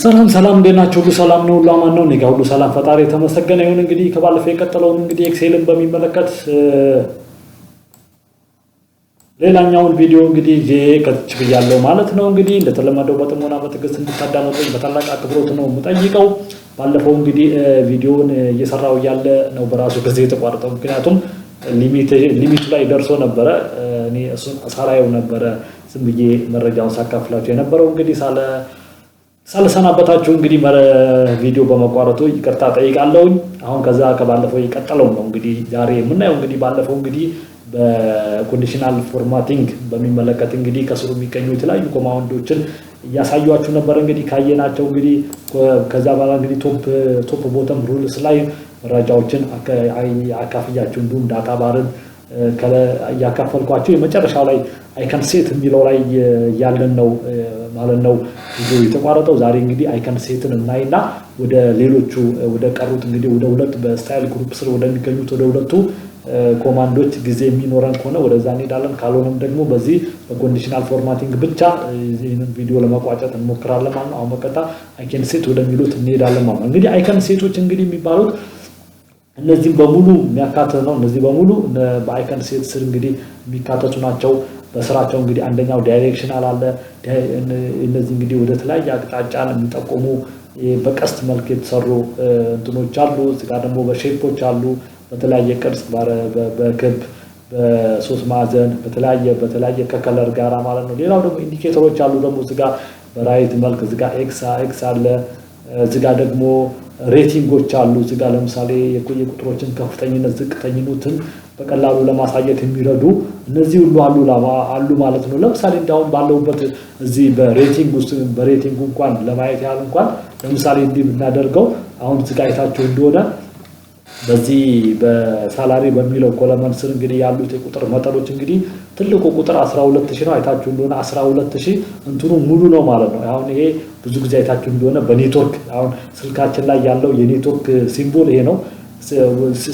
ሰላም ሰላም፣ እንዴት ናቸው? ሁሉ ሰላም ነው፣ ሁሉ አማን ነው። እኔ ጋር ሁሉ ሰላም፣ ፈጣሪ የተመሰገነ ይሁን። እንግዲህ ከባለፈው የቀጠለውን እንግዲህ ኤክሴልን በሚመለከት ሌላኛውን ቪዲዮ እንግዲህ ይዤ ቀጥቼ ማለት ነው። እንግዲህ እንደተለመደው በጥሞና በትዕግስት እንድታዳመጡኝ በታላቅ አክብሮት ነው የምጠይቀው። ባለፈው እንግዲህ ቪዲዮን እየሰራው እያለ ነው በራሱ ጊዜ የተቋረጠው፣ ምክንያቱም ሊሚቱ ላይ ደርሶ ነበረ። እኔ እሱን ሳላየው ነበረ ዝም ብዬ መረጃውን ሳካፍላቸው የነበረው እንግዲህ ሳለ ሳልሰናበታችሁ እንግዲህ ቪዲዮ በመቋረጡ ይቅርታ ጠይቃለሁኝ። አሁን ከዛ ከባለፈው የቀጠለው ነው እንግዲህ ዛሬ የምናየው እንግዲህ ባለፈው እንግዲህ በኮንዲሽናል ፎርማቲንግ በሚመለከት እንግዲህ ከስሩ የሚገኙ የተለያዩ ኮማንዶችን እያሳዩችሁ ነበር። እንግዲህ ካየናቸው እንግዲህ ከዛ በኋላ እንግዲህ ቶፕ ቦተም ሩልስ ላይ መረጃዎችን አካፍያችሁ እንዲሁም ዳታ ባርን እያካፈልኳቸው የመጨረሻው ላይ አይከን ሴት የሚለው ላይ ያለን ነው ማለት ነው የተቋረጠው። ዛሬ እንግዲህ አይከን ሴትን እናይና ወደ ሌሎቹ ወደ ቀሩት እንግዲህ ወደ ሁለት በስታይል ግሩፕ ስር ወደሚገኙት ወደ ሁለቱ ኮማንዶች ጊዜ የሚኖረን ከሆነ ወደዛ እንሄዳለን። ካልሆነም ደግሞ በዚህ በኮንዲሽናል ፎርማቲንግ ብቻ ይህንን ቪዲዮ ለመቋጨት እንሞክራለን ማለት ነው። አሁን በቀጥታ አይከን ሴት ወደሚሉት እንሄዳለን ማለት ነው። እንግዲህ አይከን ሴቶች እንግዲህ የሚባሉት እነዚህም በሙሉ የሚያካተት ነው። እነዚህ በሙሉ በአይከን ሴት ስር እንግዲህ የሚካተቱ ናቸው። በስራቸው እንግዲህ አንደኛው ዳይሬክሽናል አለ። እነዚህ እንግዲህ ወደ ተለያየ አቅጣጫ የሚጠቁሙ በቀስት መልክ የተሰሩ እንትኖች አሉ። ጋር ደግሞ በሼፖች አሉ። በተለያየ ቅርጽ በክብ በሶስት ማዕዘን በተለያየ በተለያየ ከከለር ጋራ ማለት ነው። ሌላው ደግሞ ኢንዲኬተሮች አሉ። ደግሞ እዚጋ በራይት መልክ እዚጋ ኤክስ ኤክስ አለ። እዚጋ ደግሞ ሬቲንጎች አሉ። እዚህ ጋር ለምሳሌ ቁጥሮችን ከፍተኝነት፣ ዝቅተኝነትን በቀላሉ ለማሳየት የሚረዱ እነዚህ ሁሉ አሉ አሉ ማለት ነው። ለምሳሌ እንዳሁን ባለሁበት እዚህ በሬቲንግ ውስጥ በሬቲንግ እንኳን ለማየት ያህል እንኳን ለምሳሌ እንዲህ ብናደርገው አሁን እዚህ ጋር አይታችሁ እንደሆነ በዚህ በሳላሪ በሚለው ኮለመን ስር እንግዲህ ያሉት የቁጥር መጠኖች እንግዲህ ትልቁ ቁጥር 12 ሺህ ነው። አይታችሁ እንደሆነ 12 ሺህ እንትኑ ሙሉ ነው ማለት ነው። አሁን ይሄ ብዙ ጊዜ አይታችሁ እንደሆነ በኔትወርክ አሁን ስልካችን ላይ ያለው የኔትወርክ ሲምቦል ይሄ ነው።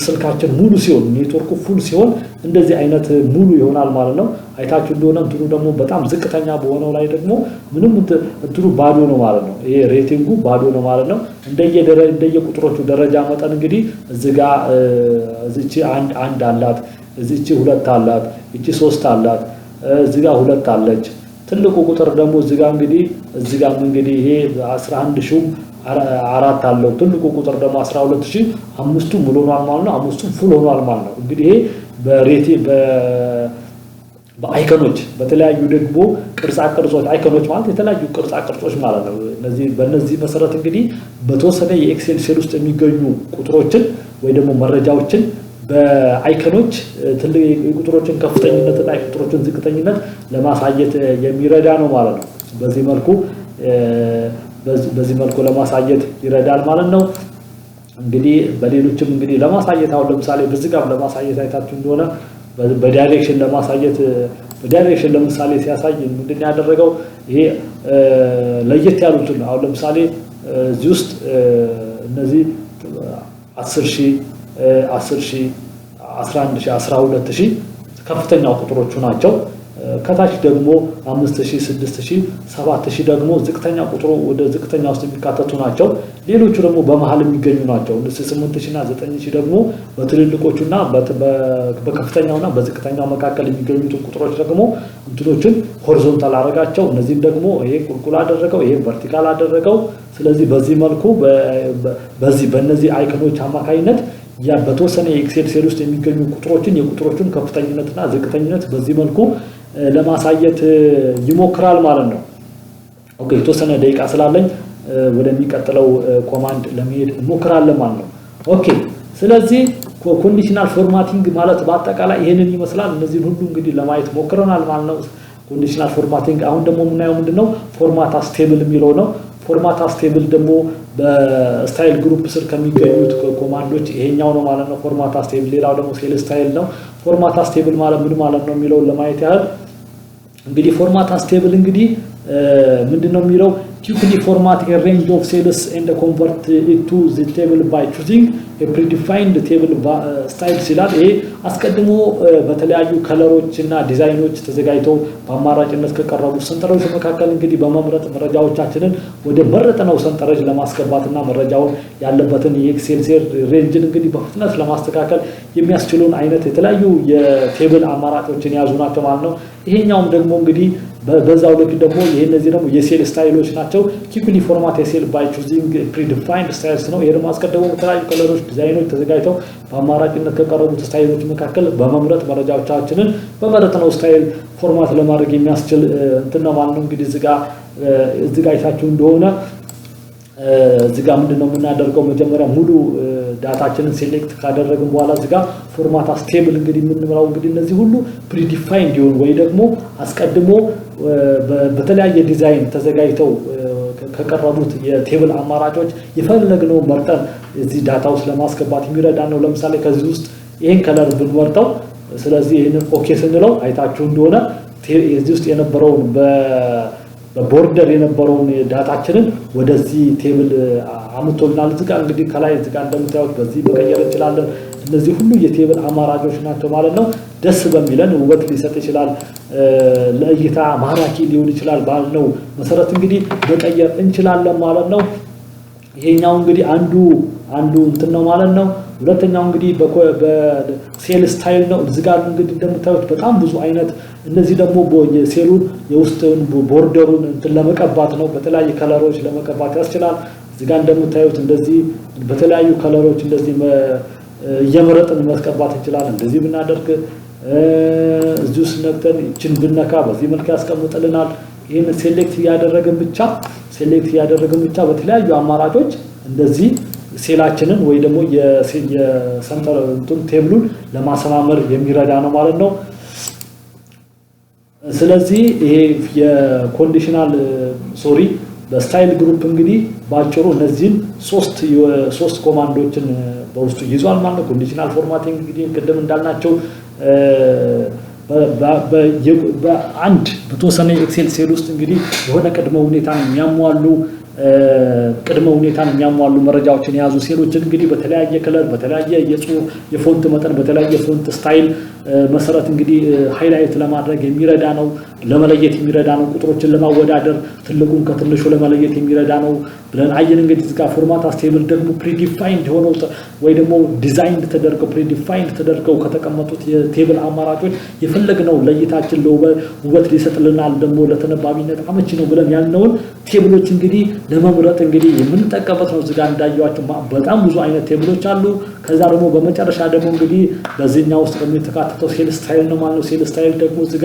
ስልካችን ሙሉ ሲሆን ኔትወርኩ ፉል ሲሆን እንደዚህ አይነት ሙሉ ይሆናል ማለት ነው። አይታችሁ እንደሆነ እንትኑ ደግሞ በጣም ዝቅተኛ በሆነው ላይ ደግሞ ምንም እንትኑ ባዶ ነው ማለት ነው። ይሄ ሬቲንጉ ባዶ ነው ማለት ነው። እንደየቁጥሮቹ ደረጃ መጠን እንግዲህ እዚህ ጋ እዚች አንድ አንድ አላት፣ እዚች ሁለት አላት፣ እቺ ሶስት አላት፣ እዚህ ጋ ሁለት አለች ትልቁ ቁጥር ደግሞ እዚጋ እንግዲህ እዚጋም እንግዲህ ይሄ 11 ሺህ አራት አለው ትልቁ ቁጥር ደግሞ 12 ሺ አምስቱ ሙሉ ሆኗል ማለት ነው። አምስቱ ፉል ሆኗል ማለት ነው። እንግዲህ ይሄ በሬቴ በአይከኖች በተለያዩ ደግሞ ቅርጻ ቅርጾች አይከኖች ማለት የተለያዩ ቅርጻ ቅርጾች ማለት ነው። እነዚህ በእነዚህ መሰረት እንግዲህ በተወሰነ የኤክሴል ሴል ውስጥ የሚገኙ ቁጥሮችን ወይ ደግሞ መረጃዎችን በአይከኖች ትልቅ የቁጥሮችን ከፍተኝነትና የቁጥሮችን ዝቅተኝነት ለማሳየት የሚረዳ ነው ማለት ነው። በዚህ መልኩ በዚህ መልኩ ለማሳየት ይረዳል ማለት ነው። እንግዲህ በሌሎችም እንግዲህ ለማሳየት አሁን ለምሳሌ በዚህ ጋር ለማሳየት አይታችሁ እንደሆነ በዳይሬክሽን ለማሳየት በዳይሬክሽን ለምሳሌ ሲያሳይ ምንድን ያደረገው ይሄ ለየት ያሉትን አሁን ለምሳሌ እዚህ ውስጥ እነዚህ አስር ሺህ 11000 ከፍተኛ ቁጥሮቹ ናቸው። ከታች ደግሞ 5000፣ 6000፣ 7000 ደግሞ ዝቅተኛ ቁጥሩ ወደ ዝቅተኛ ውስጥ የሚካተቱ ናቸው። ሌሎቹ ደግሞ በመሀል የሚገኙ ናቸው። 8000 እና 9000 ደግሞ በትልልቆቹና በከፍተኛውና በዝቅተኛው መካከል የሚገኙትን ቁጥሮች ደግሞ እንትኖችን ሆሪዞንታል አደረጋቸው። እነዚህም ደግሞ ይሄ ቁልቁል አደረገው፣ ይሄ ቨርቲካል አደረገው። ስለዚህ በዚህ መልኩ በዚህ በእነዚህ አይከኖች አማካኝነት ያ በተወሰነ የኤክሴል ሴል ውስጥ የሚገኙ ቁጥሮችን የቁጥሮችን ከፍተኝነትና ዝቅተኝነት በዚህ መልኩ ለማሳየት ይሞክራል ማለት ነው። ኦኬ የተወሰነ ደቂቃ ስላለኝ ወደሚቀጥለው ኮማንድ ለመሄድ እንሞክራለን ማለት ነው። ኦኬ ስለዚህ ኮንዲሽናል ፎርማቲንግ ማለት በአጠቃላይ ይህንን ይመስላል። እነዚህን ሁሉ እንግዲህ ለማየት ሞክረናል ማለት ነው። ኮንዲሽናል ፎርማቲንግ አሁን ደግሞ የምናየው ምንድን ነው? ፎርማት አስቴብል የሚለው ነው። ፎርማት አስቴብል ደግሞ በስታይል ግሩፕ ስር ከሚገኙት ኮማንዶች ይሄኛው ነው ማለት ነው። ፎርማት አስቴብል። ሌላው ደግሞ ሴል ስታይል ነው። ፎርማት አስቴብል ማለት ምን ማለት ነው የሚለውን ለማየት ያህል እንግዲህ ፎርማት አስቴብል እንግዲህ ምንድን ነው የሚለው QPD format a range of cells and convert it to the table by choosing a predefined table uh, style ሲላል ይሄ አስቀድሞ uh, በተለያዩ ከለሮች እና ዲዛይኖች ተዘጋጅተው በአማራጭነት ከቀረቡ ሰንጠረዥ መካከል እንግዲህ በመምረጥ መረጃዎቻችንን ወደ መረጥነው ሰንጠረዥ ለማስገባት እና መረጃውን ያለበትን የኤክሴል ሴር ሬንጅን እንግዲህ በፍጥነት ለማስተካከል የሚያስችሉን አይነት የተለያዩ የቴብል አማራጮችን የያዙ ናቸው ማለት ነው። ይሄኛውም ደግሞ እንግዲህ በዛው ልክ ደግሞ ይህ እነዚህ ደግሞ የሴል ስታይሎች ናቸው። ኪፕሊ ፎርማት የሴል ባይ ቹዚንግ ፕሪዲፋይንድ ስታይልስ ነው። ይህ ደግሞ አስቀድሞ በተለያዩ ከለሮች፣ ዲዛይኖች ተዘጋጅተው በአማራጭነት ከቀረቡት ስታይሎች መካከል በመምረጥ መረጃዎቻችንን በመረጥነው ስታይል ፎርማት ለማድረግ የሚያስችል እንትና ማንም እንግዲህ ዝጋ እዝጋጅታችሁ እንደሆነ ዝጋ ጋር ምንድን ነው የምናደርገው? መጀመሪያ ሙሉ ዳታችንን ሴሌክት ካደረግን በኋላ ዝጋ ጋር ፎርማት አስቴብል እንግዲህ የምንምራው እንግዲህ እነዚህ ሁሉ ፕሪዲፋይን እንዲሆን ወይ ደግሞ አስቀድሞ በተለያየ ዲዛይን ተዘጋጅተው ከቀረቡት የቴብል አማራጮች የፈለግነው መርጠን እዚህ ዳታ ውስጥ ለማስገባት የሚረዳ ነው። ለምሳሌ ከዚህ ውስጥ ይህን ከለር ብንመርጠው፣ ስለዚህ ይህንን ኦኬ ስንለው አይታችሁ እንደሆነ እዚህ ውስጥ የነበረውን በቦርደር የነበረውን ዳታችንን ወደዚህ ቴብል አምቶልናል። እዚህ ጋር እንግዲህ ከላይ እዚህ ጋር እንደምታዩት በዚህ መቀየር እንችላለን። እነዚህ ሁሉ የቴብል አማራጮች ናቸው ማለት ነው። ደስ በሚለን ውበት ሊሰጥ ይችላል፣ ለእይታ ማራኪ ሊሆን ይችላል ባልነው መሰረት እንግዲህ መቀየር እንችላለን ማለት ነው። ይሄኛው እንግዲህ አንዱ አንዱ እንትን ነው ማለት ነው። ሁለተኛው እንግዲህ በሴል ስታይል ነው። እዚህ ጋር እንግዲህ እንደምታዩት በጣም ብዙ አይነት እነዚህ ደግሞ የሴሉን የውስጥን ቦርደሩን እንትን ለመቀባት ነው። በተለያየ ከለሮች ለመቀባት ያስችላል። እዚህ ጋር እንደምታዩት እንደዚህ በተለያዩ ከለሮች እንደዚህ እየመረጥን መስቀባት እንችላለን። እንደዚህ ብናደርግ እዚሁ ስነግተን ይችን ብነካ በዚህ መልክ ያስቀምጥልናል። ይህን ሴሌክት እያደረግን ብቻ ሴሌክት እያደረግን ብቻ በተለያዩ አማራጮች እንደዚህ ሴላችንን ወይ ደግሞ የሰንጠረዥ እንትን ቴብሉን ለማሰማመር የሚረዳ ነው ማለት ነው። ስለዚህ ይሄ የኮንዲሽናል ሶሪ በስታይል ግሩፕ እንግዲህ ባጭሩ እነዚህን ሶስት ሶስት ኮማንዶችን በውስጡ ይዟል ማለት ነው። ኮንዲሽናል ፎርማቲንግ እንግዲህ ቅድም እንዳልናቸው በአንድ በተወሰነ ኤክሴል ሴል ውስጥ እንግዲህ የሆነ ቅድመ ሁኔታ የሚያሟሉ ቅድመ ሁኔታን የሚያሟሉ መረጃዎችን የያዙ ሴሎችን እንግዲህ በተለያየ ክለር፣ በተለያየ የጽሁፍ የፎንት መጠን በተለያየ ፎንት ስታይል መሰረት እንግዲህ ሃይላይት ለማድረግ የሚረዳ ነው። ለመለየት የሚረዳ ነው። ቁጥሮችን ለማወዳደር ትልቁን ከትንሹ ለመለየት የሚረዳ ነው ብለን አየን። እንግዲህ እዚህ ጋር ፎርማት አስቴብል ደግሞ ፕሪዲፋይንድ የሆነው ወይ ደግሞ ዲዛይንድ ተደርገው ፕሪዲፋይንድ ተደርገው ከተቀመጡት የቴብል አማራጮች የፈለግ ነው ለእይታችን ለውበት ሊሰጥልናል ደግሞ ለተነባቢነት አመቺ ነው ብለን ያልነውን ቴብሎች እንግዲህ ለመምረጥ እንግዲህ የምንጠቀምበት ነው። እዚጋ እንዳየዋቸው በጣም ብዙ አይነት ቴብሎች አሉ። ከዛ ደግሞ በመጨረሻ ደግሞ እንግዲህ በዚህኛ ውስጥ የሚተካተተው ሴል ስታይል ነው ማለት ነው። ሴል ስታይል ደግሞ እዚጋ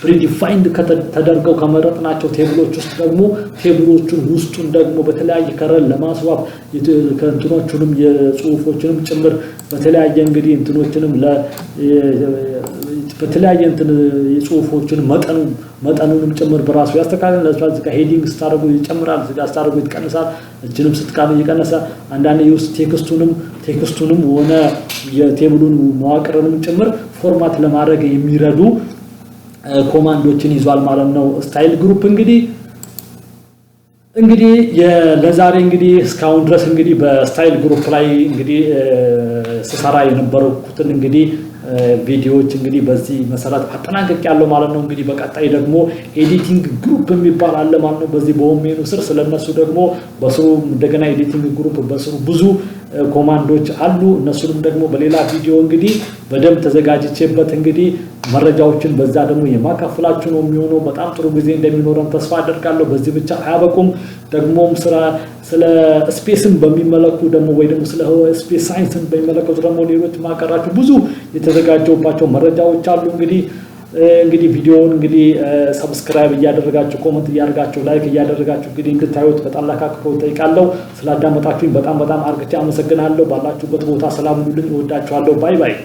ፕሪዲፋይንድ ተደርገው ከመረጥናቸው ቴብሎች ውስጥ ደግሞ ቴብሎቹን ውስጡን ደግሞ በተለያየ ከረል ለማስዋብ ከእንትኖቹንም የጽሁፎችንም ጭምር በተለያየ እንግዲህ እንትኖችንም በተለያየ እንትን የጽሁፎችን መጠኑ መጠኑንም ጭምር በራሱ ያስተካክላል። ዝቃ ሄዲንግ ስታደርጉ ይጨምራል፣ ስታደርጉ ይቀንሳል፣ እጅንም ስትቃሉ እየቀነሰ አንዳንድ የውስጥ ቴክስቱንም ቴክስቱንም ሆነ የቴብሉን መዋቅርንም ጭምር ፎርማት ለማድረግ የሚረዱ ኮማንዶችን ይዟል ማለት ነው። ስታይል ግሩፕ እንግዲህ እንግዲህ ለዛሬ እንግዲህ እስካሁን ድረስ እንግዲህ በስታይል ግሩፕ ላይ እንግዲህ ስሰራ የነበረኩትን እንግዲህ ቪዲዮዎች እንግዲህ በዚህ መሰረት አጠናቀቅ ያለው ማለት ነው። እንግዲህ በቀጣይ ደግሞ ኤዲቲንግ ግሩፕ የሚባል አለ ማለት ነው። በዚህ በሆሜኑ ስር ስለነሱ ደግሞ በስሩ እንደገና ኤዲቲንግ ግሩፕ በስሩ ብዙ ኮማንዶች አሉ። እነሱንም ደግሞ በሌላ ቪዲዮ እንግዲህ በደንብ ተዘጋጅቼበት እንግዲህ መረጃዎችን በዛ ደግሞ የማካፍላችሁ ነው የሚሆነው። በጣም ጥሩ ጊዜ እንደሚኖረን ተስፋ አደርጋለሁ። በዚህ ብቻ አያበቁም ደግሞም ስራ ስለ ስፔስን በሚመለኩ ደግሞ ወይ ደግሞ ስለ ስፔስ ሳይንስን በሚመለከቱ ደግሞ ሌሎች ማቀራቸው ብዙ የተዘጋጀባቸው መረጃዎች አሉ። እንግዲህ እንግዲህ ቪዲዮውን እንግዲህ ሰብስክራይብ እያደረጋችሁ ኮመንት እያደርጋችሁ ላይክ እያደረጋችሁ እንግዲህ እንድታዩት በጣም አክብሮ እጠይቃለሁ። ስላዳመጣችሁኝ በጣም በጣም አርግቼ አመሰግናለሁ። ባላችሁበት ቦታ ሰላም ሁሉልኝ። እወዳችኋለሁ። ባይ ባይ